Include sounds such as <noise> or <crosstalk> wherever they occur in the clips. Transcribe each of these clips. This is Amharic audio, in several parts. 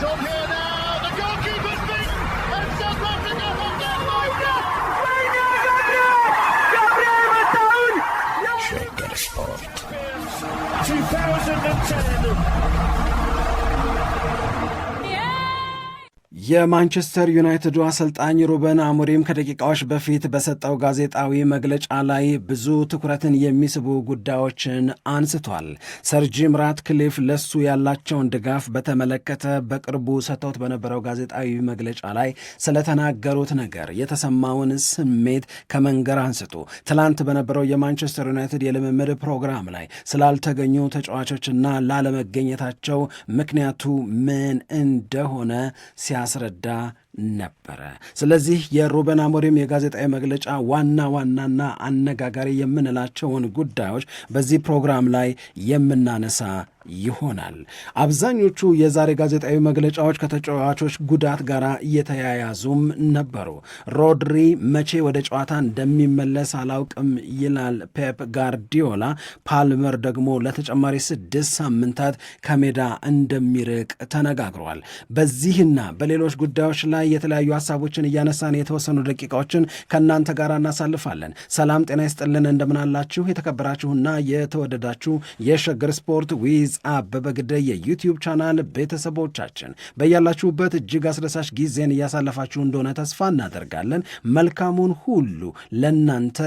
Job here now. የማንቸስተር ዩናይትዱ አሰልጣኝ ሩበን አሞሪም ከደቂቃዎች በፊት በሰጠው ጋዜጣዊ መግለጫ ላይ ብዙ ትኩረትን የሚስቡ ጉዳዮችን አንስቷል። ሰር ጂም ራትክሊፍ ለሱ ያላቸውን ድጋፍ በተመለከተ በቅርቡ ሰጥተውት በነበረው ጋዜጣዊ መግለጫ ላይ ስለተናገሩት ነገር የተሰማውን ስሜት ከመንገር አንስቶ ትላንት በነበረው የማንቸስተር ዩናይትድ የልምምድ ፕሮግራም ላይ ስላልተገኙ ተጫዋቾችና ላለመገኘታቸው ምክንያቱ ምን እንደሆነ ሲያስ ያስረዳ ነበረ። ስለዚህ የሩበን አሞሪም የጋዜጣዊ መግለጫ ዋና ዋናና አነጋጋሪ የምንላቸውን ጉዳዮች በዚህ ፕሮግራም ላይ የምናነሳ ይሆናል። አብዛኞቹ የዛሬ ጋዜጣዊ መግለጫዎች ከተጫዋቾች ጉዳት ጋር እየተያያዙም ነበሩ። ሮድሪ መቼ ወደ ጨዋታ እንደሚመለስ አላውቅም ይላል ፔፕ ጋርዲዮላ። ፓልመር ደግሞ ለተጨማሪ ስድስት ሳምንታት ከሜዳ እንደሚርቅ ተነጋግሯል። በዚህና በሌሎች ጉዳዮች ላይ የተለያዩ ሀሳቦችን እያነሳን የተወሰኑ ደቂቃዎችን ከእናንተ ጋር እናሳልፋለን። ሰላም ጤና ይስጥልን። እንደምናላችሁ የተከበራችሁና የተወደዳችሁ የሸገር ስፖርት ዊ አዲስ አበበ ግደይ የዩቲዩብ ቻናል ቤተሰቦቻችን በያላችሁበት እጅግ አስደሳች ጊዜን እያሳለፋችሁ እንደሆነ ተስፋ እናደርጋለን። መልካሙን ሁሉ ለእናንተ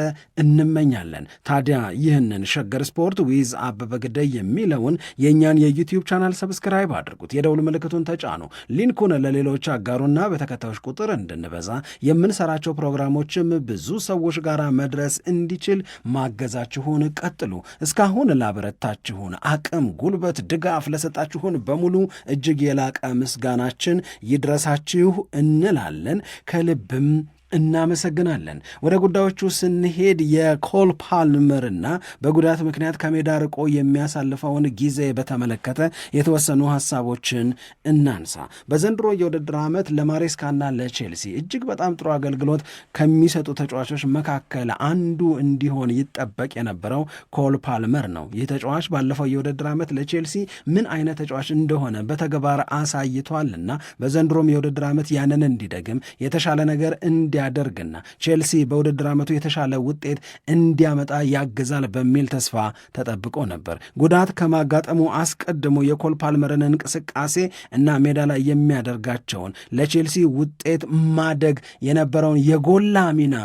እንመኛለን። ታዲያ ይህንን ሸገር ስፖርት ዊዝ አበበ ግደይ የሚለውን የእኛን የዩትዩብ ቻናል ሰብስክራይብ አድርጉት፣ የደውል ምልክቱን ተጫኑ፣ ሊንኩን ለሌሎች አጋሩና በተከታዮች ቁጥር እንድንበዛ የምንሰራቸው ፕሮግራሞችም ብዙ ሰዎች ጋር መድረስ እንዲችል ማገዛችሁን ቀጥሉ። እስካሁን ላበረታችሁን አቅም ጉል ጉልበት፣ ድጋፍ ለሰጣችሁን በሙሉ እጅግ የላቀ ምስጋናችን ይድረሳችሁ እንላለን ከልብም እናመሰግናለን። ወደ ጉዳዮቹ ስንሄድ የኮል ፓልመርና በጉዳት ምክንያት ከሜዳ ርቆ የሚያሳልፈውን ጊዜ በተመለከተ የተወሰኑ ሀሳቦችን እናንሳ። በዘንድሮ የውድድር ዓመት ለማሬስካና ለቼልሲ እጅግ በጣም ጥሩ አገልግሎት ከሚሰጡ ተጫዋቾች መካከል አንዱ እንዲሆን ይጠበቅ የነበረው ኮል ፓልመር ነው። ይህ ተጫዋች ባለፈው የውድድር ዓመት ለቼልሲ ምን አይነት ተጫዋች እንደሆነ በተግባር አሳይቷልና በዘንድሮም የውድድር ዓመት ያንን እንዲደግም የተሻለ ነገር እንዲያ እንዲያደርግና ቼልሲ በውድድር ዓመቱ የተሻለ ውጤት እንዲያመጣ ያግዛል በሚል ተስፋ ተጠብቆ ነበር። ጉዳት ከማጋጠሙ አስቀድሞ የኮል ፓልመርን እንቅስቃሴ እና ሜዳ ላይ የሚያደርጋቸውን ለቼልሲ ውጤት ማደግ የነበረውን የጎላ ሚና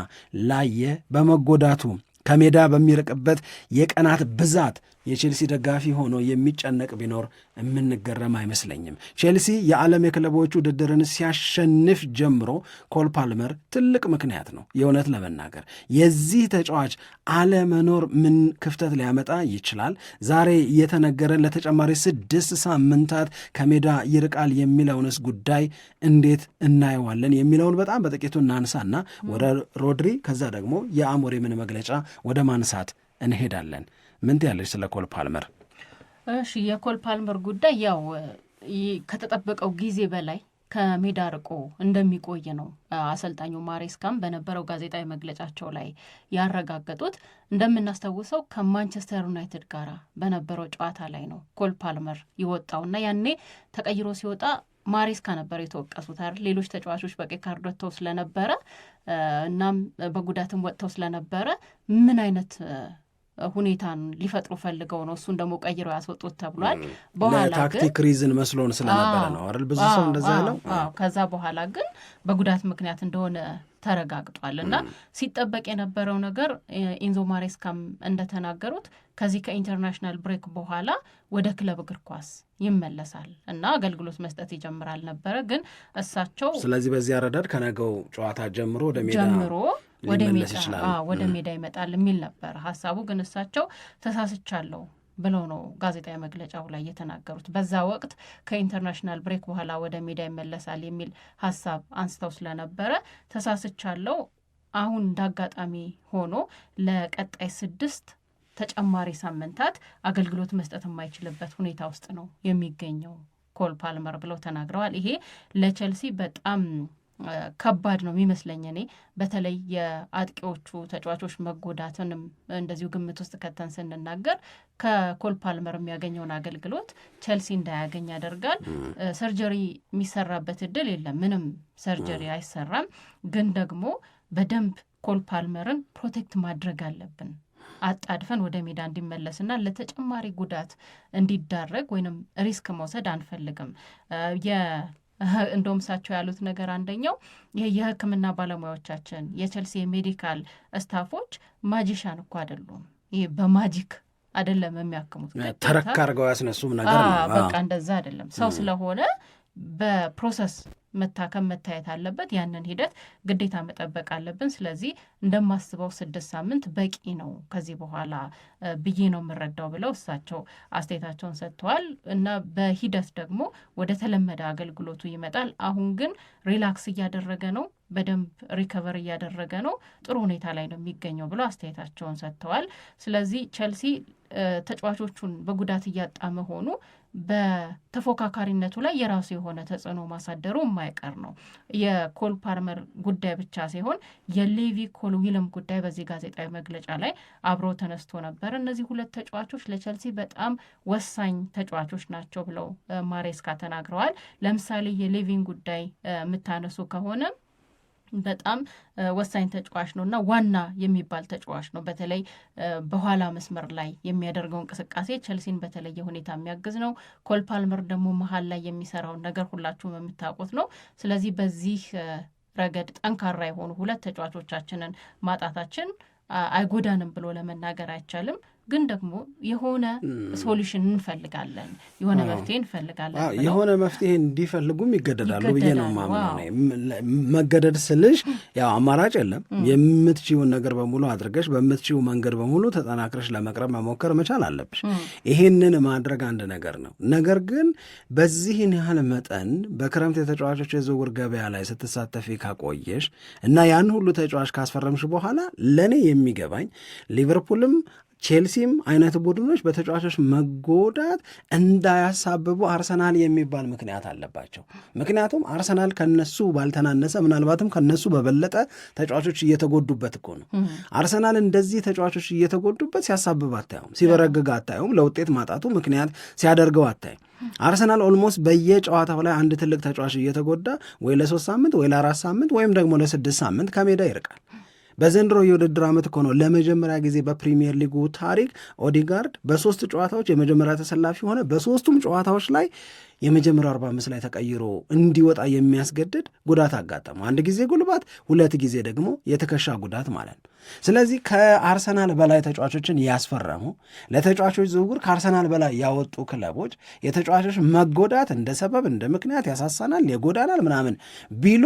ላየ። በመጎዳቱ ከሜዳ በሚርቅበት የቀናት ብዛት የቼልሲ ደጋፊ ሆኖ የሚጨነቅ ቢኖር የምንገረም አይመስለኝም። ቼልሲ የዓለም የክለቦች ውድድርን ሲያሸንፍ ጀምሮ ኮል ፓልመር ትልቅ ምክንያት ነው። የእውነት ለመናገር የዚህ ተጫዋች አለመኖር ምን ክፍተት ሊያመጣ ይችላል? ዛሬ የተነገረን ለተጨማሪ ስድስት ሳምንታት ከሜዳ ይርቃል የሚለውንስ ጉዳይ እንዴት እናየዋለን የሚለውን በጣም በጥቂቱ እናንሳና ወደ ሮድሪ ከዛ ደግሞ የአሞሪምን መግለጫ ወደ ማንሳት እንሄዳለን። ምን ትያለሽ ስለ ኮል ፓልመር? እሺ የኮል ፓልመር ጉዳይ ያው ከተጠበቀው ጊዜ በላይ ከሜዳ ርቆ እንደሚቆይ ነው አሰልጣኙ ማሬስካም በነበረው ጋዜጣዊ መግለጫቸው ላይ ያረጋገጡት። እንደምናስታውሰው ከማንቸስተር ዩናይትድ ጋር በነበረው ጨዋታ ላይ ነው ኮል ፓልመር እና ያኔ ተቀይሮ ሲወጣ ማሬስካ ነበር የተወቀሱት አይደል? ሌሎች ተጫዋቾች በቀይ ካርድ ወጥተው ስለነበረ እናም በጉዳትም ወጥተው ስለነበረ ምን አይነት ሁኔታን ሊፈጥሩ ፈልገው ነው። እሱን ደግሞ ቀይረው ያስወጡት ተብሏል። በኋላ ታክቲክ ሪዝን መስሎን ስለነበረ ነው አይደል? ብዙ ሰው እንደዛ ያለው። ከዛ በኋላ ግን በጉዳት ምክንያት እንደሆነ ተረጋግጧል እና ሲጠበቅ የነበረው ነገር ኢንዞ ማሬስካም እንደተናገሩት ከዚህ ከኢንተርናሽናል ብሬክ በኋላ ወደ ክለብ እግር ኳስ ይመለሳል እና አገልግሎት መስጠት ይጀምራል ነበረ። ግን እሳቸው ስለዚህ በዚህ አረዳድ ከነገው ጨዋታ ጀምሮ ወደ ሜዳ ጀምሮ ወደ ሜዳ ይመጣል የሚል ነበር ሀሳቡ። ግን እሳቸው ተሳስቻለሁ ብለው ነው ጋዜጣዊ መግለጫው ላይ የተናገሩት። በዛ ወቅት ከኢንተርናሽናል ብሬክ በኋላ ወደ ሜዳ ይመለሳል የሚል ሀሳብ አንስተው ስለነበረ ተሳስቻለው፣ አሁን እንዳጋጣሚ ሆኖ ለቀጣይ ስድስት ተጨማሪ ሳምንታት አገልግሎት መስጠት የማይችልበት ሁኔታ ውስጥ ነው የሚገኘው ኮል ፓልመር ብለው ተናግረዋል። ይሄ ለቼልሲ በጣም ከባድ ነው የሚመስለኝ እኔ በተለይ የአጥቂዎቹ ተጫዋቾች መጎዳትንም እንደዚሁ ግምት ውስጥ ከተን ስንናገር ከኮል ፓልመር የሚያገኘውን አገልግሎት ቼልሲ እንዳያገኝ ያደርጋል። ሰርጀሪ የሚሰራበት እድል የለም፣ ምንም ሰርጀሪ አይሰራም። ግን ደግሞ በደንብ ኮል ፓልመርን ፕሮቴክት ማድረግ አለብን አጣድፈን ወደ ሜዳ እንዲመለስና ለተጨማሪ ጉዳት እንዲዳረግ ወይንም ሪስክ መውሰድ አንፈልግም። <laughs> እንደውም እሳቸው ያሉት ነገር አንደኛው ይህ የህክምና ባለሙያዎቻችን የቼልሲ ሜዲካል ስታፎች ማጂሻን እኮ አይደሉም። ይሄ በማጂክ አይደለም የሚያክሙት፣ ተረካ አድርገው ያስነሱም ነገር በቃ እንደዛ አይደለም። ሰው ስለሆነ በፕሮሰስ መታከም መታየት አለበት። ያንን ሂደት ግዴታ መጠበቅ አለብን። ስለዚህ እንደማስበው ስድስት ሳምንት በቂ ነው ከዚህ በኋላ ብዬ ነው የምረዳው ብለው እሳቸው አስተያየታቸውን ሰጥተዋል እና በሂደት ደግሞ ወደ ተለመደ አገልግሎቱ ይመጣል። አሁን ግን ሪላክስ እያደረገ ነው በደንብ ሪከቨር እያደረገ ነው። ጥሩ ሁኔታ ላይ ነው የሚገኘው ብሎ አስተያየታቸውን ሰጥተዋል። ስለዚህ ቸልሲ ተጫዋቾቹን በጉዳት እያጣ መሆኑ በተፎካካሪነቱ ላይ የራሱ የሆነ ተጽዕኖ ማሳደሩ የማይቀር ነው። የኮል ፓርመር ጉዳይ ብቻ ሲሆን የሌቪ ኮልዊልም ጉዳይ በዚህ ጋዜጣዊ መግለጫ ላይ አብሮ ተነስቶ ነበር። እነዚህ ሁለት ተጫዋቾች ለቸልሲ በጣም ወሳኝ ተጫዋቾች ናቸው ብለው ማሬስካ ተናግረዋል። ለምሳሌ የሌቪን ጉዳይ የምታነሱ ከሆነ በጣም ወሳኝ ተጫዋች ነው እና ዋና የሚባል ተጫዋች ነው። በተለይ በኋላ መስመር ላይ የሚያደርገው እንቅስቃሴ ቸልሲን በተለየ ሁኔታ የሚያግዝ ነው። ኮል ፓልመር ደግሞ መሀል ላይ የሚሰራውን ነገር ሁላችሁም የምታውቁት ነው። ስለዚህ በዚህ ረገድ ጠንካራ የሆኑ ሁለት ተጫዋቾቻችንን ማጣታችን አይጎዳንም ብሎ ለመናገር አይቻልም። ግን ደግሞ የሆነ ሶሉሽን እንፈልጋለን፣ የሆነ መፍትሄ እንፈልጋለን። የሆነ መፍትሄ እንዲፈልጉም ይገደዳሉ ብዬ ነው ማምነው። መገደድ ስልሽ ያው አማራጭ የለም። የምትችውን ነገር በሙሉ አድርገሽ በምትችው መንገድ በሙሉ ተጠናክረሽ ለመቅረብ መሞከር መቻል አለብሽ። ይሄንን ማድረግ አንድ ነገር ነው። ነገር ግን በዚህን ያህል መጠን በክረምት የተጫዋቾች የዝውውር ገበያ ላይ ስትሳተፊ ካቆየሽ እና ያን ሁሉ ተጫዋች ካስፈረምሽ በኋላ ለእኔ የሚገባኝ ሊቨርፑልም ቼልሲም አይነት ቡድኖች በተጫዋቾች መጎዳት እንዳያሳብቡ አርሰናል የሚባል ምክንያት አለባቸው። ምክንያቱም አርሰናል ከነሱ ባልተናነሰ ምናልባትም ከነሱ በበለጠ ተጫዋቾች እየተጎዱበት እኮ ነው። አርሰናል እንደዚህ ተጫዋቾች እየተጎዱበት ሲያሳብብ አታዩም፣ ሲበረግግ አታዩም፣ ለውጤት ማጣቱ ምክንያት ሲያደርገው አታዩም። አርሰናል ኦልሞስት በየጨዋታው ላይ አንድ ትልቅ ተጫዋች እየተጎዳ ወይ ለሶስት ሳምንት ወይ ለአራት ሳምንት ወይም ደግሞ ለስድስት ሳምንት ከሜዳ ይርቃል። በዘንድሮ የውድድር ዓመት እኮ ለመጀመሪያ ጊዜ በፕሪሚየር ሊጉ ታሪክ ኦዲጋርድ በሶስት ጨዋታዎች የመጀመሪያ ተሰላፊ ሆነ። በሶስቱም ጨዋታዎች ላይ የመጀመሪያው 45 ላይ ተቀይሮ እንዲወጣ የሚያስገድድ ጉዳት አጋጠመው። አንድ ጊዜ ጉልባት፣ ሁለት ጊዜ ደግሞ የትከሻ ጉዳት ማለት ነው። ስለዚህ ከአርሰናል በላይ ተጫዋቾችን ያስፈረሙ፣ ለተጫዋቾች ዝውውር ከአርሰናል በላይ ያወጡ ክለቦች የተጫዋቾች መጎዳት እንደ ሰበብ እንደ ምክንያት ያሳሳናል፣ ይጎዳናል ምናምን ቢሉ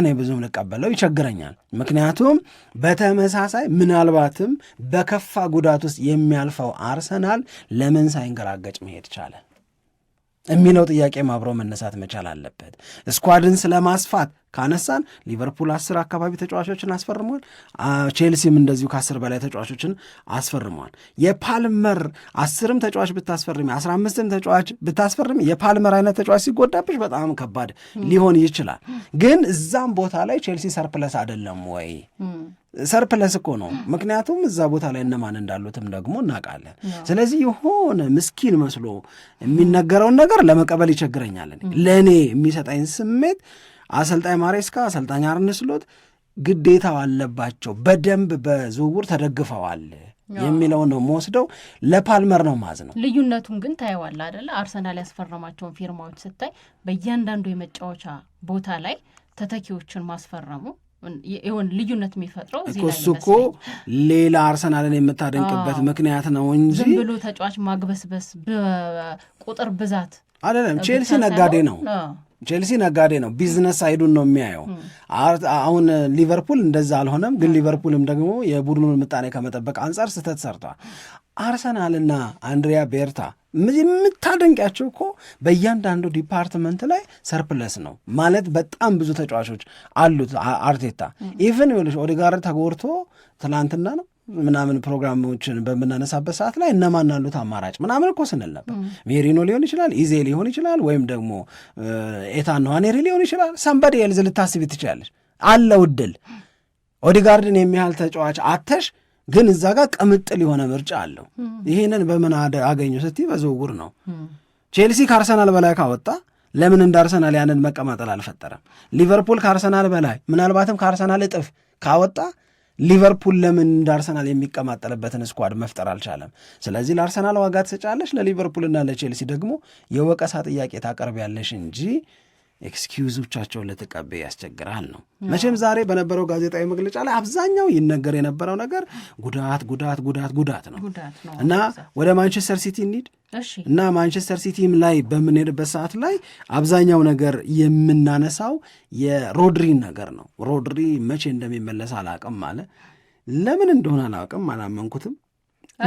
እኔ ብዙም ልቀበለው ይቸግረኛል። ምክንያቱም በተመሳሳይ ምናልባትም በከፋ ጉዳት ውስጥ የሚያልፈው አርሰናል ለምን ሳይንገራገጭ መሄድ ቻለ? የሚለው ጥያቄም አብሮ መነሳት መቻል አለበት። ስኳድን ስለማስፋት ካነሳን ሊቨርፑል አስር አካባቢ ተጫዋቾችን አስፈርሟል። ቼልሲም እንደዚሁ ከአስር በላይ ተጫዋቾችን አስፈርሟል። የፓልመር አስርም ተጫዋች ብታስፈርሚ አስራ አምስትም ተጫዋች ብታስፈርሚ የፓልመር አይነት ተጫዋች ሲጎዳብሽ በጣም ከባድ ሊሆን ይችላል። ግን እዛም ቦታ ላይ ቼልሲ ሰርፕለስ አይደለም ወይ? ሰርፕለስ እኮ ነው። ምክንያቱም እዛ ቦታ ላይ እነማን እንዳሉትም ደግሞ እናውቃለን። ስለዚህ የሆነ ምስኪን መስሎ የሚነገረውን ነገር ለመቀበል ይቸግረኛል። ለእኔ የሚሰጠኝ ስሜት አሰልጣኝ ማሬስካ፣ አሰልጣኝ አርነ ስሎት ግዴታው አለባቸው በደንብ በዝውውር ተደግፈዋል የሚለውን ነው መወስደው። ለፓልመር ነው ማዝ ነው። ልዩነቱን ግን ታየዋል አደለ? አርሰናል ያስፈረማቸውን ፊርማዎች ስታይ በእያንዳንዱ የመጫወቻ ቦታ ላይ ተተኪዎችን ማስፈረሙ ይሁን ልዩነት የሚፈጥረው እሱ እኮ ሌላ አርሰናልን የምታደንቅበት ምክንያት ነው እንጂ ዝም ብሎ ተጫዋች ማግበስበስ በቁጥር ብዛት አይደለም። ቼልሲ ነጋዴ ነው። ቼልሲ ነጋዴ ነው፣ ቢዝነስ ሳይዱን ነው የሚያየው። አሁን ሊቨርፑል እንደዛ አልሆነም፣ ግን ሊቨርፑልም ደግሞ የቡድኑን ምጣኔ ከመጠበቅ አንጻር ስህተት ሰርቷል። አርሰናልና አንድሪያ ቤርታ የምታደንቂያቸው እኮ በእያንዳንዱ ዲፓርትመንት ላይ ሰርፕለስ ነው ማለት በጣም ብዙ ተጫዋቾች አሉት አርቴታ ኢቨን ኦዴጋር ተጎድቶ ትላንትና ነው ምናምን ፕሮግራሞችን በምናነሳበት ሰዓት ላይ እነማን አሉት አማራጭ ምናምን እኮ ስንል ነበር። ቬሪኖ ሊሆን ይችላል፣ ኢዜ ሊሆን ይችላል፣ ወይም ደግሞ ኤታን ነዋኔሪ ሊሆን ይችላል። ሰንበድ የልዝ ልታስቢ ትችላለች። አለው እድል ኦዲጋርድን የሚያህል ተጫዋች አተሽ ግን እዛ ጋር ቅምጥል የሆነ ምርጫ አለው። ይህንን በምን አገኙ ስትይ በዝውውር ነው። ቼልሲ ከአርሰናል በላይ ካወጣ ለምን እንደ አርሰናል ያንን መቀማጠል አልፈጠረም? ሊቨርፑል ከአርሰናል በላይ ምናልባትም ከአርሰናል እጥፍ ካወጣ ሊቨርፑል ለምን እንደ አርሰናል የሚቀማጠልበትን ስኳድ መፍጠር አልቻለም? ስለዚህ ለአርሰናል ዋጋ ትሰጫለሽ፣ ለሊቨርፑልና ለቼልሲ ደግሞ የወቀሳ ጥያቄ ታቀርቢያለሽ እንጂ ኤክስኪውዞቻቸውን ለተቀበይ ያስቸግራል ነው። መቼም ዛሬ በነበረው ጋዜጣዊ መግለጫ ላይ አብዛኛው ይነገር የነበረው ነገር ጉዳት ጉዳት ጉዳት ጉዳት ነው እና ወደ ማንቸስተር ሲቲ እንሂድ እና ማንቸስተር ሲቲም ላይ በምንሄድበት ሰዓት ላይ አብዛኛው ነገር የምናነሳው የሮድሪን ነገር ነው። ሮድሪ መቼ እንደሚመለስ አላቅም አለ። ለምን እንደሆነ አላቅም፣ አላመንኩትም።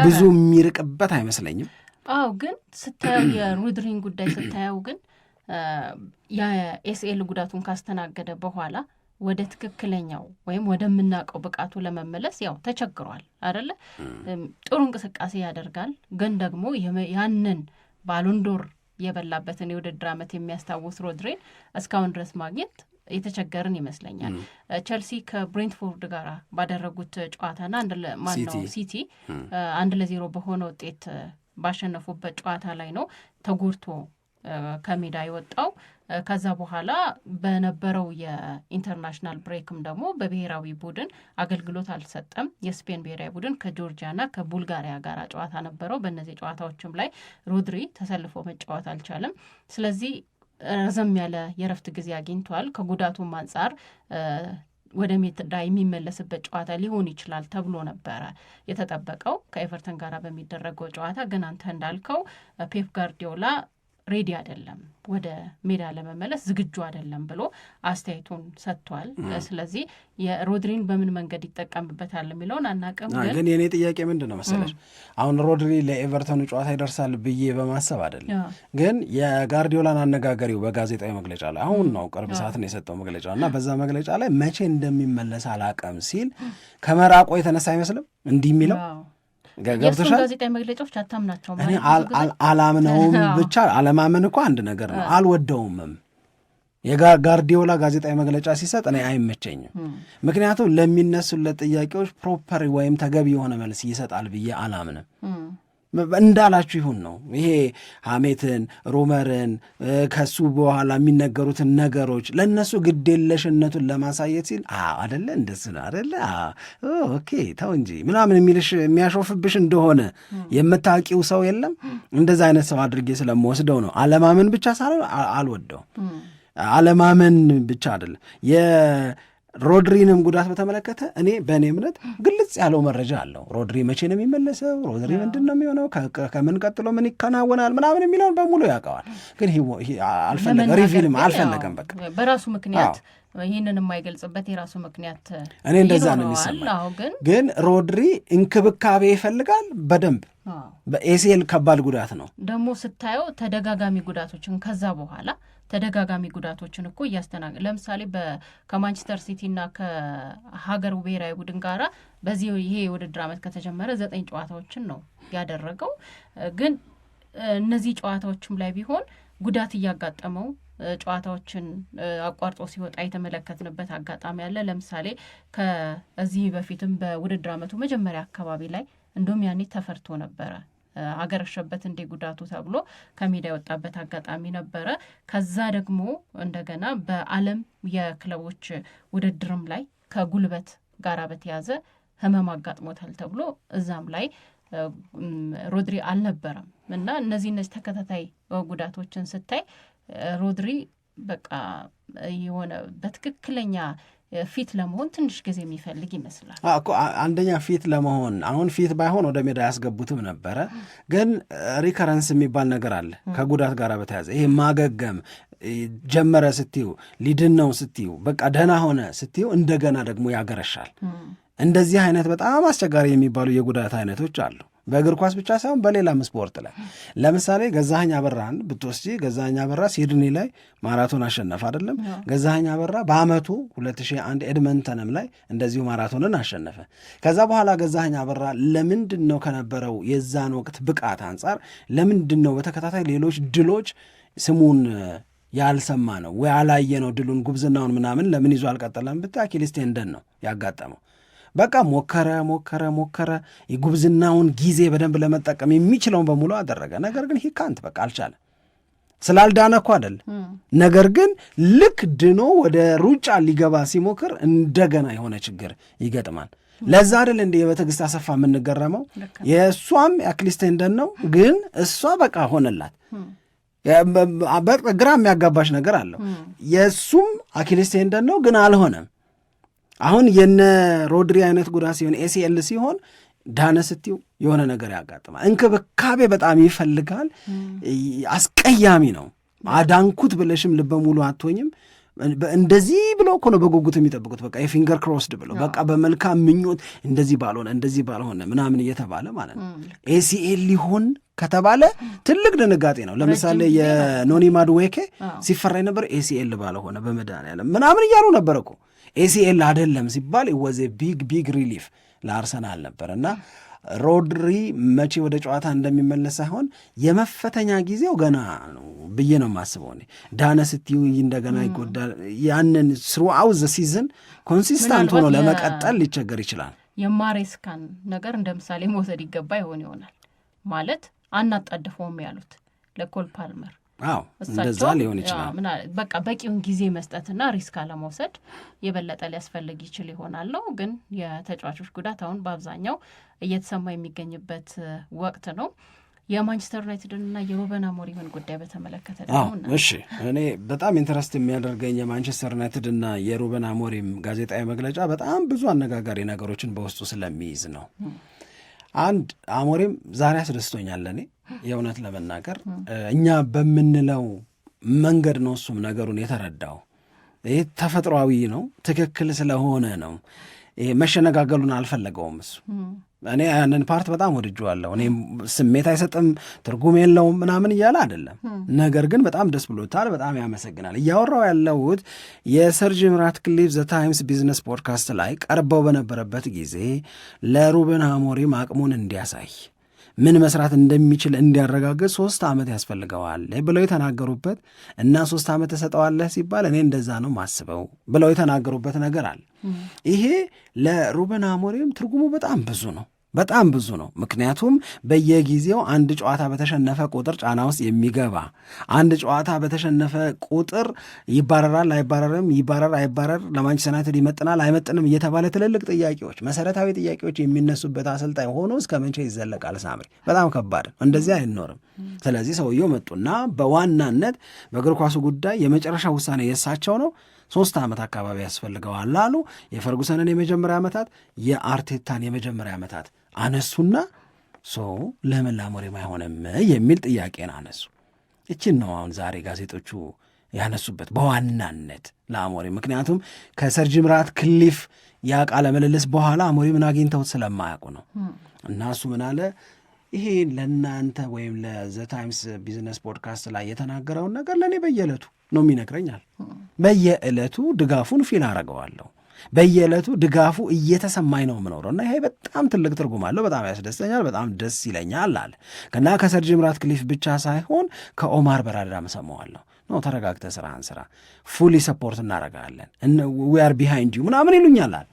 ብዙ የሚርቅበት አይመስለኝም። አዎ ግን ስታየው የሮድሪን ጉዳይ ስታየው ግን የኤስኤል ጉዳቱን ካስተናገደ በኋላ ወደ ትክክለኛው ወይም ወደምናውቀው ብቃቱ ለመመለስ ያው ተቸግሯል አደለ። ጥሩ እንቅስቃሴ ያደርጋል፣ ግን ደግሞ ያንን ባሎንዶር የበላበትን የውድድር ዓመት የሚያስታውስ ሮድሬን እስካሁን ድረስ ማግኘት የተቸገርን ይመስለኛል። ቸልሲ ከብሬንትፎርድ ጋር ባደረጉት ጨዋታና አንድ ማነው ሲቲ አንድ ለዜሮ በሆነ ውጤት ባሸነፉበት ጨዋታ ላይ ነው ተጎድቶ ከሜዳ የወጣው። ከዛ በኋላ በነበረው የኢንተርናሽናል ብሬክም ደግሞ በብሔራዊ ቡድን አገልግሎት አልሰጠም። የስፔን ብሔራዊ ቡድን ከጆርጂያና ከቡልጋሪያ ጋር ጨዋታ ነበረው። በእነዚህ ጨዋታዎችም ላይ ሮድሪ ተሰልፎ መጫወት አልቻለም። ስለዚህ ረዘም ያለ የረፍት ጊዜ አግኝቷል። ከጉዳቱም አንጻር ወደ ሜዳ የሚመለስበት ጨዋታ ሊሆን ይችላል ተብሎ ነበረ የተጠበቀው ከኤቨርተን ጋር በሚደረገው ጨዋታ። ግን አንተ እንዳልከው ፔፕ ጋርዲዮላ ሬዲ አይደለም፣ ወደ ሜዳ ለመመለስ ዝግጁ አይደለም ብሎ አስተያየቱን ሰጥቷል። ስለዚህ የሮድሪን በምን መንገድ ይጠቀምበታል የሚለውን አናውቅም። ግን የእኔ ጥያቄ ምንድን ነው መሰለሽ፣ አሁን ሮድሪ ለኤቨርተኑ ጨዋታ ይደርሳል ብዬ በማሰብ አይደለም። ግን የጋርዲዮላን አነጋገሪው በጋዜጣዊ መግለጫ ላይ አሁን ነው ቅርብ ሰዓት ነው የሰጠው መግለጫ እና በዛ መግለጫ ላይ መቼ እንደሚመለስ አላቀም ሲል ከመራቆ የተነሳ አይመስልም እንዲህ የሚለው የእሱን ጋዜጣዊ መግለጫዎች አታምናቸውም። አላምነውም ብቻ አለማመን እኮ አንድ ነገር ነው። አልወደውምም። የጋርዲዮላ ጋዜጣዊ መግለጫ ሲሰጥ እኔ አይመቸኝም። ምክንያቱም ለሚነሱለት ጥያቄዎች ፕሮፐር ወይም ተገቢ የሆነ መልስ ይሰጣል ብዬ አላምንም። እንዳላችሁ ይሁን ነው። ይሄ ሐሜትን፣ ሩመርን ከሱ በኋላ የሚነገሩትን ነገሮች ለእነሱ ግዴለሽነቱን ለማሳየት ሲል አደለ እንደስ አደለ ኦኬ ተው እንጂ ምናምን የሚልሽ የሚያሾፍብሽ እንደሆነ የምታውቂው ሰው የለም። እንደዛ አይነት ሰው አድርጌ ስለምወስደው ነው። አለማመን ብቻ ሳልሆን አልወደውም። አለማመን ብቻ አደለም ሮድሪንም ጉዳት በተመለከተ እኔ በእኔ እምነት ግልጽ ያለው መረጃ አለው። ሮድሪ መቼ ነው የሚመለሰው? ሮድሪ ምንድን ነው የሚሆነው? ከምን ቀጥሎ ምን ይከናወናል? ምናምን የሚለውን በሙሉ ያውቀዋል። ግን አልፈለገም፣ ሪቪልም አልፈለገም። በቃ በራሱ ምክንያት ይህንን የማይገልጽበት የራሱ ምክንያት እኔ እንደዛ ነው የሚሰማኝ። ግን ሮድሪ እንክብካቤ ይፈልጋል በደንብ በኤሲኤል ከባድ ጉዳት ነው ደግሞ ስታየው ተደጋጋሚ ጉዳቶችን ከዛ በኋላ ተደጋጋሚ ጉዳቶችን እኮ እያስተናገ ለምሳሌ ከማንቸስተር ሲቲና ከሀገር ብሔራዊ ቡድን ጋራ በዚህ ይሄ የውድድር ዓመት ከተጀመረ ዘጠኝ ጨዋታዎችን ነው ያደረገው። ግን እነዚህ ጨዋታዎችም ላይ ቢሆን ጉዳት እያጋጠመው ጨዋታዎችን አቋርጦ ሲወጣ የተመለከትንበት አጋጣሚ አለ። ለምሳሌ ከዚህ በፊትም በውድድር ዓመቱ መጀመሪያ አካባቢ ላይ እንዲሁም ያኔ ተፈርቶ ነበረ አገረሸበት እንዴ ጉዳቱ ተብሎ ከሜዳ የወጣበት አጋጣሚ ነበረ። ከዛ ደግሞ እንደገና በዓለም የክለቦች ውድድርም ላይ ከጉልበት ጋራ በተያዘ ህመም አጋጥሞታል ተብሎ እዛም ላይ ሮድሪ አልነበረም እና እነዚህ እነዚህ ተከታታይ ጉዳቶችን ስታይ ሮድሪ በቃ የሆነ በትክክለኛ ፊት ለመሆን ትንሽ ጊዜ የሚፈልግ ይመስላል እኮ። አንደኛ ፊት ለመሆን አሁን ፊት ባይሆን ወደ ሜዳ ያስገቡትም ነበረ፣ ግን ሪከረንስ የሚባል ነገር አለ ከጉዳት ጋር በተያዘ ይሄ ማገገም ጀመረ ስትዩ፣ ሊድን ነው ስትዩ፣ በቃ ደህና ሆነ ስትዩ፣ እንደገና ደግሞ ያገረሻል። እንደዚህ አይነት በጣም አስቸጋሪ የሚባሉ የጉዳት አይነቶች አሉ። በእግር ኳስ ብቻ ሳይሆን በሌላም ስፖርት ላይ ለምሳሌ ገዛኸኝ አበራን ብትወስጂ ገዛኸኝ አበራ ሲድኒ ላይ ማራቶን አሸነፈ አይደለም። ገዛኸኝ አበራ በአመቱ 2001 ኤድመንተንም ላይ እንደዚሁ ማራቶንን አሸነፈ። ከዛ በኋላ ገዛኸኝ አበራ ለምንድን ነው ከነበረው የዛን ወቅት ብቃት አንጻር ለምንድን ነው በተከታታይ ሌሎች ድሎች ስሙን ያልሰማ ነው ወይ አላየ ነው ድሉን ጉብዝናውን ምናምን ለምን ይዞ አልቀጠለም ብታይ አኪሌስ ቴንደን ነው ያጋጠመው። በቃ ሞከረ ሞከረ ሞከረ የጉብዝናውን ጊዜ በደንብ ለመጠቀም የሚችለውን በሙሉ አደረገ። ነገር ግን ሂካንት በቃ አልቻለ። ስላልዳነ እኮ ነገር ግን ልክ ድኖ ወደ ሩጫ ሊገባ ሲሞክር እንደገና የሆነ ችግር ይገጥማል። ለዛ አደል እንደ በትዕግስት አሰፋ የምንገረመው የእሷም የአክሊስቴ ነው። ግን እሷ በቃ ሆነላት። ግራ የሚያጋባሽ ነገር አለው። የእሱም አኪሊስቴ ነው፣ ግን አልሆነም። አሁን የነ ሮድሪ አይነት ጉዳት ሲሆን ኤሲኤል ሲሆን ዳነ ስትው የሆነ ነገር ያጋጥማል። እንክብካቤ በጣም ይፈልጋል። አስቀያሚ ነው። አዳንኩት ብለሽም ልበ ሙሉ አትሆኝም። እንደዚህ ብሎ እኮ ነው በጉጉት የሚጠብቁት። በቃ የፊንገር ክሮስድ ብሎ በቃ በመልካም ምኞት እንደዚህ ባልሆነ እንደዚህ ባልሆነ ምናምን እየተባለ ማለት ነው። ኤሲኤል ሊሆን ከተባለ ትልቅ ድንጋጤ ነው። ለምሳሌ የኖኒ ማድዌኬ ሲፈራ የነበረ ኤሲኤል ባለሆነ በመድኃኒዓለም ምናምን እያሉ ነበር እኮ ኤሲኤል አደለም ሲባል ወዘ ቢግ ቢግ ሪሊፍ ለአርሰናል ነበር እና ሮድሪ መቼ ወደ ጨዋታ እንደሚመለስ ሳይሆን የመፈተኛ ጊዜው ገና ነው ብዬ ነው የማስበው። እኔ ዳነ ስትዩ እንደገና ይጎዳል። ያንን ስሩአው ዘ ሲዝን ኮንሲስታንት ሆኖ ለመቀጠል ሊቸገር ይችላል። የማሬስካን ነገር እንደ ምሳሌ መውሰድ ይገባ ይሆን ይሆናል ማለት አናጣድፈውም ያሉት ለኮል ፓልመር አዎ እንደዛ ሊሆን ይችላል። በቃ በቂውን ጊዜ መስጠትና ሪስክ አለመውሰድ የበለጠ ሊያስፈልግ ይችል ይሆናለው። ግን የተጫዋቾች ጉዳት አሁን በአብዛኛው እየተሰማ የሚገኝበት ወቅት ነው። የማንቸስተር ዩናይትድንና የሩበን አሞሪምን ጉዳይ በተመለከተ እሺ፣ እኔ በጣም ኢንትረስት የሚያደርገኝ የማንቸስተር ዩናይትድና የሩበን አሞሪም ጋዜጣዊ መግለጫ በጣም ብዙ አነጋጋሪ ነገሮችን በውስጡ ስለሚይዝ ነው። አንድ አሞሪም ዛሬ አስደስቶኛል። እኔ የእውነት ለመናገር እኛ በምንለው መንገድ ነው እሱም ነገሩን የተረዳው። ይህ ተፈጥሯዊ ነው፣ ትክክል ስለሆነ ነው። መሸነጋገሉን አልፈለገውም እሱ እኔ ያንን ፓርት በጣም ወድጀዋለሁ። እኔ ስሜት አይሰጥም ትርጉም የለውም ምናምን እያለ አይደለም፣ ነገር ግን በጣም ደስ ብሎታል፣ በጣም ያመሰግናል። እያወራው ያለሁት የሰርጅ ራትክሊፍ ዘ ታይምስ ቢዝነስ ፖድካስት ላይ ቀርበው በነበረበት ጊዜ ለሩበን አሞሪም አቅሙን እንዲያሳይ ምን መስራት እንደሚችል እንዲያረጋግጥ ሶስት ዓመት ያስፈልገዋል ብለው የተናገሩበት እና ሶስት ዓመት ተሰጠዋለህ ሲባል እኔ እንደዛ ነው ማስበው ብለው የተናገሩበት ነገር አለ። ይሄ ለሩበን አሞሪም ትርጉሙ በጣም ብዙ ነው። በጣም ብዙ ነው። ምክንያቱም በየጊዜው አንድ ጨዋታ በተሸነፈ ቁጥር ጫና ውስጥ የሚገባ አንድ ጨዋታ በተሸነፈ ቁጥር ይባረራል አይባረርም፣ ይባረር አይባረር፣ ለማንቸስተር ዩናይትድ ይመጥናል አይመጥንም እየተባለ ትልልቅ ጥያቄዎች፣ መሰረታዊ ጥያቄዎች የሚነሱበት አሰልጣኝ ሆኖ እስከ መቼ ይዘለቃል? ሳምሪ በጣም ከባድ ነው። እንደዚህ አይኖርም። ስለዚህ ሰውየው መጡና በዋናነት በእግር ኳሱ ጉዳይ የመጨረሻ ውሳኔ የሳቸው ነው። ሶስት ዓመት አካባቢ ያስፈልገዋል አሉ። የፈርጉሰንን የመጀመሪያ ዓመታት፣ የአርቴታን የመጀመሪያ ዓመታት አነሱና ሰው ለምን ላሞሪም አይሆንም የሚል ጥያቄን አነሱ። እችን ነው አሁን ዛሬ ጋዜጦቹ ያነሱበት በዋናነት ለአሞሪም። ምክንያቱም ከሰር ጂም ራትክሊፍ ያ ቃለ ምልልስ በኋላ አሞሪምን አግኝተውት ስለማያውቁ ነው። እና እሱ ምን አለ ይሄ ለእናንተ ወይም ለዘ ታይምስ ቢዝነስ ፖድካስት ላይ የተናገረውን ነገር ለእኔ በየዕለቱ ነው የሚነግረኛል። በየዕለቱ ድጋፉን ፊል አረገዋለሁ በየዕለቱ ድጋፉ እየተሰማኝ ነው የምኖረው እና ይሄ በጣም ትልቅ ትርጉም አለው። በጣም ያስደስተኛል፣ በጣም ደስ ይለኛል አለ እና ከሰር ጂም ራትክሊፍ ብቻ ሳይሆን ከኦማር በራዳም ሰማዋለሁ። ነው ተረጋግተ ስራህን ስራ፣ ፉሊ ሰፖርት እናረጋለን፣ ዊአር ቢሃይንድ ዩ ምናምን ይሉኛል አለ።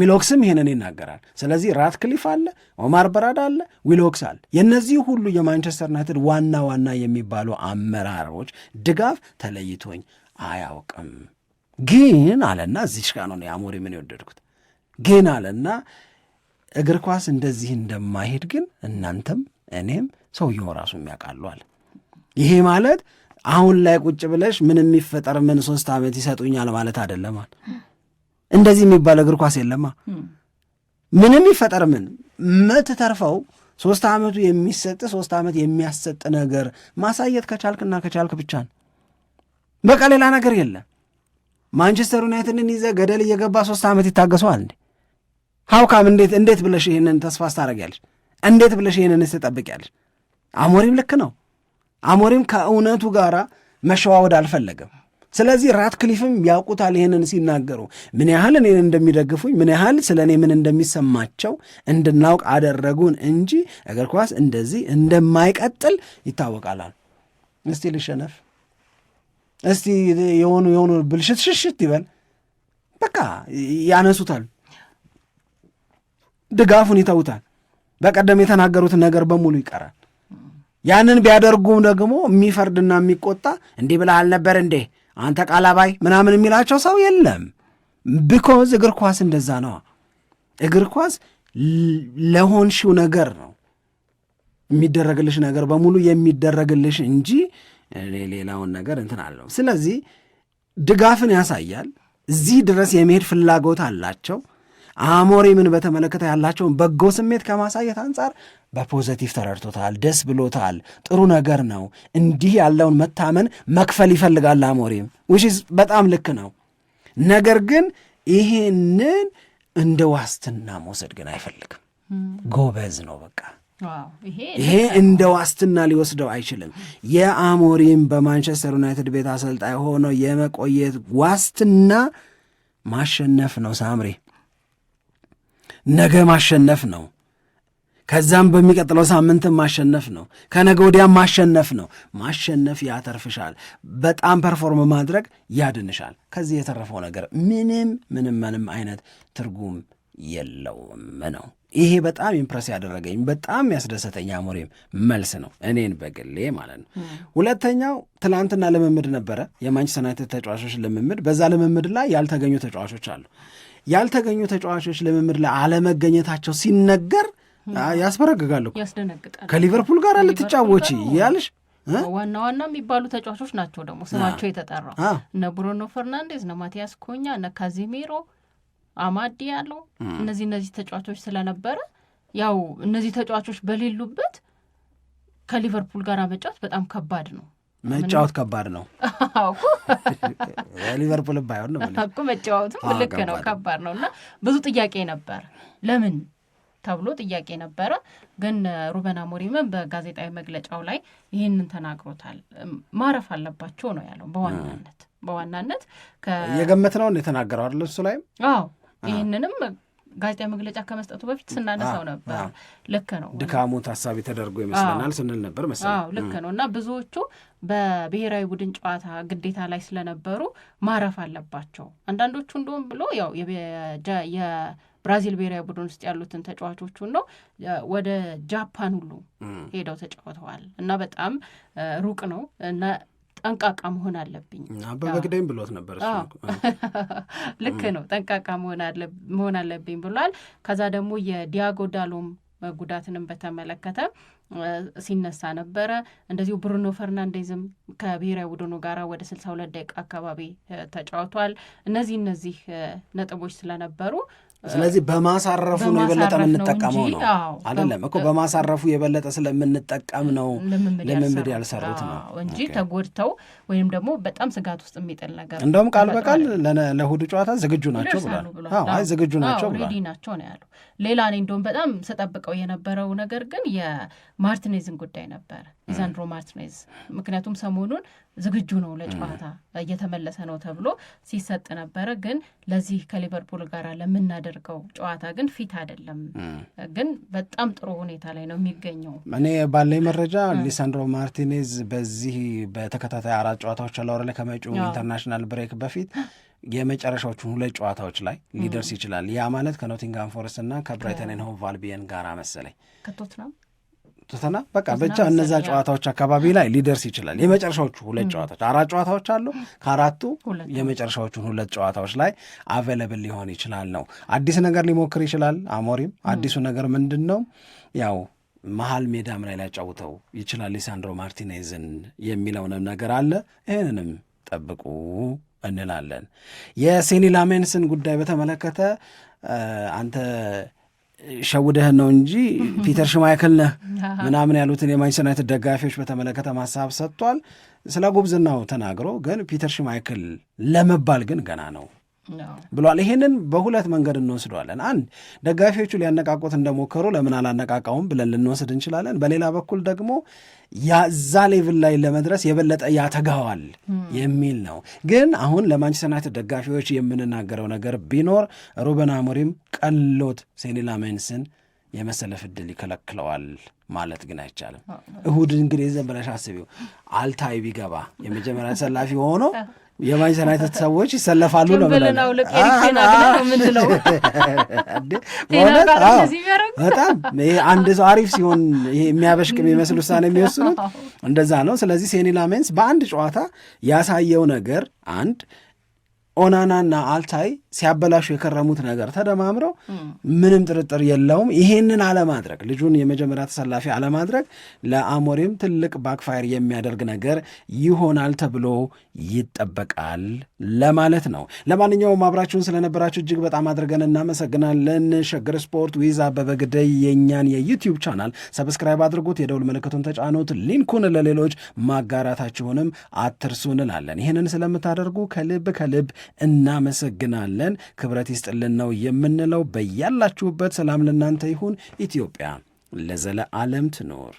ዊሎክስም ይሄንን ይናገራል። ስለዚህ ራትክሊፍ አለ፣ ኦማር በራዳ አለ፣ ዊሎክስ አለ። የእነዚህ ሁሉ የማንቸስተር ዩናይትድ ዋና ዋና የሚባሉ አመራሮች ድጋፍ ተለይቶኝ አያውቅም። ግን አለና እዚች ጋ ነው ምን የወደድኩት። ግን አለና እግር ኳስ እንደዚህ እንደማይሄድ ግን እናንተም እኔም ሰውየው ራሱ የሚያውቃሉ አለ። ይሄ ማለት አሁን ላይ ቁጭ ብለሽ ምን የሚፈጠር ምን ሶስት ዓመት ይሰጡኛል ማለት አይደለም። እንደዚህ የሚባል እግር ኳስ የለማ። ምን የሚፈጠር ምን ምትተርፈው ሶስት ዓመቱ የሚሰጥ ሶስት ዓመት የሚያሰጥ ነገር ማሳየት ከቻልክና ከቻልክ ብቻ ነው። በቃ ሌላ ነገር የለም። ማንቸስተር ዩናይትድን ይዘ ገደል እየገባ ሶስት ዓመት ይታገሰዋል እንዴ? ሀውካም እንዴት እንዴት ብለሽ ይህንን ተስፋ ስታደርጊያለሽ? እንዴት ብለሽ ይህንን ስትጠብቂያለሽ? አሞሪም ልክ ነው። አሞሪም ከእውነቱ ጋር መሸዋወድ አልፈለገም። ስለዚህ ራትክሊፍም ያውቁታል። ይህንን ሲናገሩ ምን ያህል እኔን እንደሚደግፉኝ ምን ያህል ስለ እኔ ምን እንደሚሰማቸው እንድናውቅ አደረጉን እንጂ እግር ኳስ እንደዚህ እንደማይቀጥል ይታወቃላል። እስቲ ልሸነፍ እስቲ የሆኑ የሆኑ ብልሽት ሽሽት ይበል በቃ ያነሱታል፣ ድጋፉን ይተውታል። በቀደም የተናገሩትን ነገር በሙሉ ይቀራል። ያንን ቢያደርጉም ደግሞ የሚፈርድና የሚቆጣ እንዲህ ብለህ አልነበር እንዴ አንተ ቃላባይ ምናምን የሚላቸው ሰው የለም። ቢኮዝ እግር ኳስ እንደዛ ነው እግር ኳስ ለሆንሽው ነገር ነው የሚደረግልሽ ነገር በሙሉ የሚደረግልሽ እንጂ ሌላውን ነገር እንትን አለው። ስለዚህ ድጋፍን ያሳያል። እዚህ ድረስ የመሄድ ፍላጎት አላቸው። አሞሪምን በተመለከተ ያላቸውን በጎ ስሜት ከማሳየት አንጻር በፖዘቲቭ ተረድቶታል፣ ደስ ብሎታል፣ ጥሩ ነገር ነው። እንዲህ ያለውን መታመን መክፈል ይፈልጋል አሞሪም ዊች በጣም ልክ ነው። ነገር ግን ይህንን እንደ ዋስትና መውሰድ ግን አይፈልግም። ጎበዝ ነው በቃ ይሄ እንደ ዋስትና ሊወስደው አይችልም። የአሞሪም በማንቸስተር ዩናይትድ ቤት አሰልጣኝ ሆኖ የመቆየት ዋስትና ማሸነፍ ነው። ሳምሪ ነገ ማሸነፍ ነው። ከዛም በሚቀጥለው ሳምንትም ማሸነፍ ነው። ከነገ ወዲያም ማሸነፍ ነው። ማሸነፍ ያተርፍሻል። በጣም ፐርፎርም ማድረግ ያድንሻል። ከዚህ የተረፈው ነገር ምንም ምንም ምንም አይነት ትርጉም የለውም ነው ይሄ በጣም ኢምፕረስ ያደረገኝ በጣም ያስደሰተኝ አሞሪም መልስ ነው፣ እኔን በግሌ ማለት ነው። ሁለተኛው ትናንትና ልምምድ ነበረ፣ የማንቸስተር ዩናይትድ ተጫዋቾች ልምምድ። በዛ ልምምድ ላይ ያልተገኙ ተጫዋቾች አሉ። ያልተገኙ ተጫዋቾች ልምምድ ላይ አለመገኘታቸው ሲነገር ያስበረግጋል እኮ ያስደነግጣል። ከሊቨርፑል ጋር ልትጫወች እያልሽ ዋና ዋና የሚባሉ ተጫዋቾች ናቸው ደግሞ ስማቸው የተጠራው እነ ብሩኖ ፈርናንዴዝ፣ እነ ማቲያስ ኮኛ፣ እነ ካዚሜሮ አማዲ ያለው እነዚህ እነዚህ ተጫዋቾች ስለነበረ ያው እነዚህ ተጫዋቾች በሌሉበት ከሊቨርፑል ጋር መጫወት በጣም ከባድ ነው። መጫወት ከባድ ነው። <laughs> ሊቨርፑል ባይሆን ነው እኮ መጫወትም ልክ ነው ከባድ ነው እና ብዙ ጥያቄ ነበር ለምን ተብሎ ጥያቄ ነበረ። ግን ሩበን አሞሪምን በጋዜጣዊ መግለጫው ላይ ይህንን ተናግሮታል። ማረፍ አለባቸው ነው ያለው። በዋናነት በዋናነት የገመት ነው የተናገረው አይደል እሱ ላይም አዎ ይህንንም ጋዜጣዊ መግለጫ ከመስጠቱ በፊት ስናነሳው ነበር። ልክ ነው ድካሙ ታሳቢ ተደርጎ ይመስለናል ስንል ነበር መሰለኝ። ልክ ነው እና ብዙዎቹ በብሔራዊ ቡድን ጨዋታ ግዴታ ላይ ስለነበሩ ማረፍ አለባቸው። አንዳንዶቹ እንደውም ብሎ ያው የብራዚል ብሔራዊ ቡድን ውስጥ ያሉትን ተጫዋቾቹ ነው ወደ ጃፓን ሁሉ ሄደው ተጫውተዋል እና በጣም ሩቅ ነው እና ጠንቃቃ መሆን አለብኝ። አበበ ግደይም ብሎት ነበር። <laughs> ልክ ነው፣ ጠንቃቃ መሆን አለብኝ ብሏል። ከዛ ደግሞ የዲያጎ ዳሎም ጉዳትንም በተመለከተ ሲነሳ ነበረ። እንደዚሁ ብሩኖ ፈርናንዴዝም ከብሔራዊ ቡድኑ ጋር ወደ ስልሳ ሁለት ደቂቃ አካባቢ ተጫውቷል። እነዚህ እነዚህ ነጥቦች ስለነበሩ ስለዚህ በማሳረፉ ነው የበለጠ የምንጠቀመው ነው አይደለም እኮ በማሳረፉ የበለጠ ስለምንጠቀም ነው ልምምድ ያልሰሩት ነው እንጂ ተጎድተው ወይም ደግሞ በጣም ስጋት ውስጥ የሚጥል ነገር እንደውም ቃል በቃል ለእሑዱ ጨዋታ ዝግጁ ናቸው ብሏል። አይ ዝግጁ ናቸው ብሏል ናቸው ነው ያሉ። ሌላ እኔ እንደውም በጣም ስጠብቀው የነበረው ነገር ግን የማርቲኔዝን ጉዳይ ነበረ ሊሳንድሮ ማርቲኔዝ ምክንያቱም ሰሞኑን ዝግጁ ነው ለጨዋታ እየተመለሰ ነው ተብሎ ሲሰጥ ነበረ። ግን ለዚህ ከሊቨርፑል ጋር ለምናደርገው ጨዋታ ግን ፊት አይደለም፣ ግን በጣም ጥሩ ሁኔታ ላይ ነው የሚገኘው። እኔ ባለኝ መረጃ ሊሳንድሮ ማርቲኔዝ በዚህ በተከታታይ አራት ጨዋታዎች አላወራ ላይ ከመጪው ኢንተርናሽናል ብሬክ በፊት የመጨረሻዎቹን ሁለት ጨዋታዎች ላይ ሊደርስ ይችላል። ያ ማለት ከኖቲንጋም ፎረስት እና ከብራይተን ኤንድ ሆቭ አልቢየን ጋር መሰለኝ ከቶትናም ትተና በቃ ብቻ እነዛ ጨዋታዎች አካባቢ ላይ ሊደርስ ይችላል። የመጨረሻዎቹ ሁለት ጨዋታዎች አራት ጨዋታዎች አሉ። ከአራቱ የመጨረሻዎቹን ሁለት ጨዋታዎች ላይ አቬለብል ሊሆን ይችላል ነው። አዲስ ነገር ሊሞክር ይችላል አሞሪም። አዲሱ ነገር ምንድን ነው? ያው መሀል ሜዳም ላይ ሊያጫውተው ይችላል ሊሳንድሮ ማርቲኔዝን የሚለውንም ነገር አለ። ይህንንም ጠብቁ እንላለን። የሴኒ ላሜንስን ጉዳይ በተመለከተ አንተ ሸውደህን ነው እንጂ <laughs> ፒተር ሽማይክል ነህ ምናምን ያሉትን የማንቸስተር ዩናይትድ ደጋፊዎች በተመለከተ ማሳብ ሰጥቷል። ስለ ጉብዝናው ተናግሮ ግን ፒተር ሽማይክል ለመባል ግን ገና ነው ብሏል። ይሄንን በሁለት መንገድ እንወስደዋለን። አንድ ደጋፊዎቹ ሊያነቃቁት እንደሞከሩ ለምን አላነቃቃውም ብለን ልንወስድ እንችላለን። በሌላ በኩል ደግሞ ያዛ ሌቭል ላይ ለመድረስ የበለጠ ያተጋዋል የሚል ነው። ግን አሁን ለማንቸስተር ዩናይትድ ደጋፊዎች የምንናገረው ነገር ቢኖር ሩበን አሞሪም ቀሎት ሜንስን የመሰለፍ ዕድል ይከለክለዋል ማለት ግን አይቻልም። እሁድ እንግዲህ ዘን ብለሽ አስቢው። አልታይ ቢገባ የመጀመሪያ ተሰላፊ ሆኖ የማንቸስተር ዩናይትድ ሰዎች ይሰለፋሉ ነው በጣም አንድ ሰው አሪፍ ሲሆን የሚያበሽቅ የሚመስል ውሳኔ የሚወስኑት እንደዛ ነው። ስለዚህ ሴኒ ላሜንስ በአንድ ጨዋታ ያሳየው ነገር አንድ ኦናናና አልታይ ሲያበላሹ የከረሙት ነገር ተደማምረው ምንም ጥርጥር የለውም። ይሄንን አለማድረግ ልጁን የመጀመሪያ ተሰላፊ አለማድረግ ለአሞሪም ትልቅ ባክፋየር የሚያደርግ ነገር ይሆናል ተብሎ ይጠበቃል ለማለት ነው። ለማንኛውም አብራችሁን ስለነበራችሁ እጅግ በጣም አድርገን እናመሰግናለን። ሸገር ስፖርት ዊዝ አበበ ግደይ የእኛን የዩቲዩብ ቻናል ሰብስክራይብ አድርጉት፣ የደውል ምልክቱን ተጫኑት፣ ሊንኩን ለሌሎች ማጋራታችሁንም አትርሱ እንላለን። ይህንን ስለምታደርጉ ከልብ ከልብ እናመሰግናለን። ክብረት ይስጥልን ነው የምንለው። በያላችሁበት ሰላም ለእናንተ ይሁን። ኢትዮጵያ ለዘለዓለም ትኖር።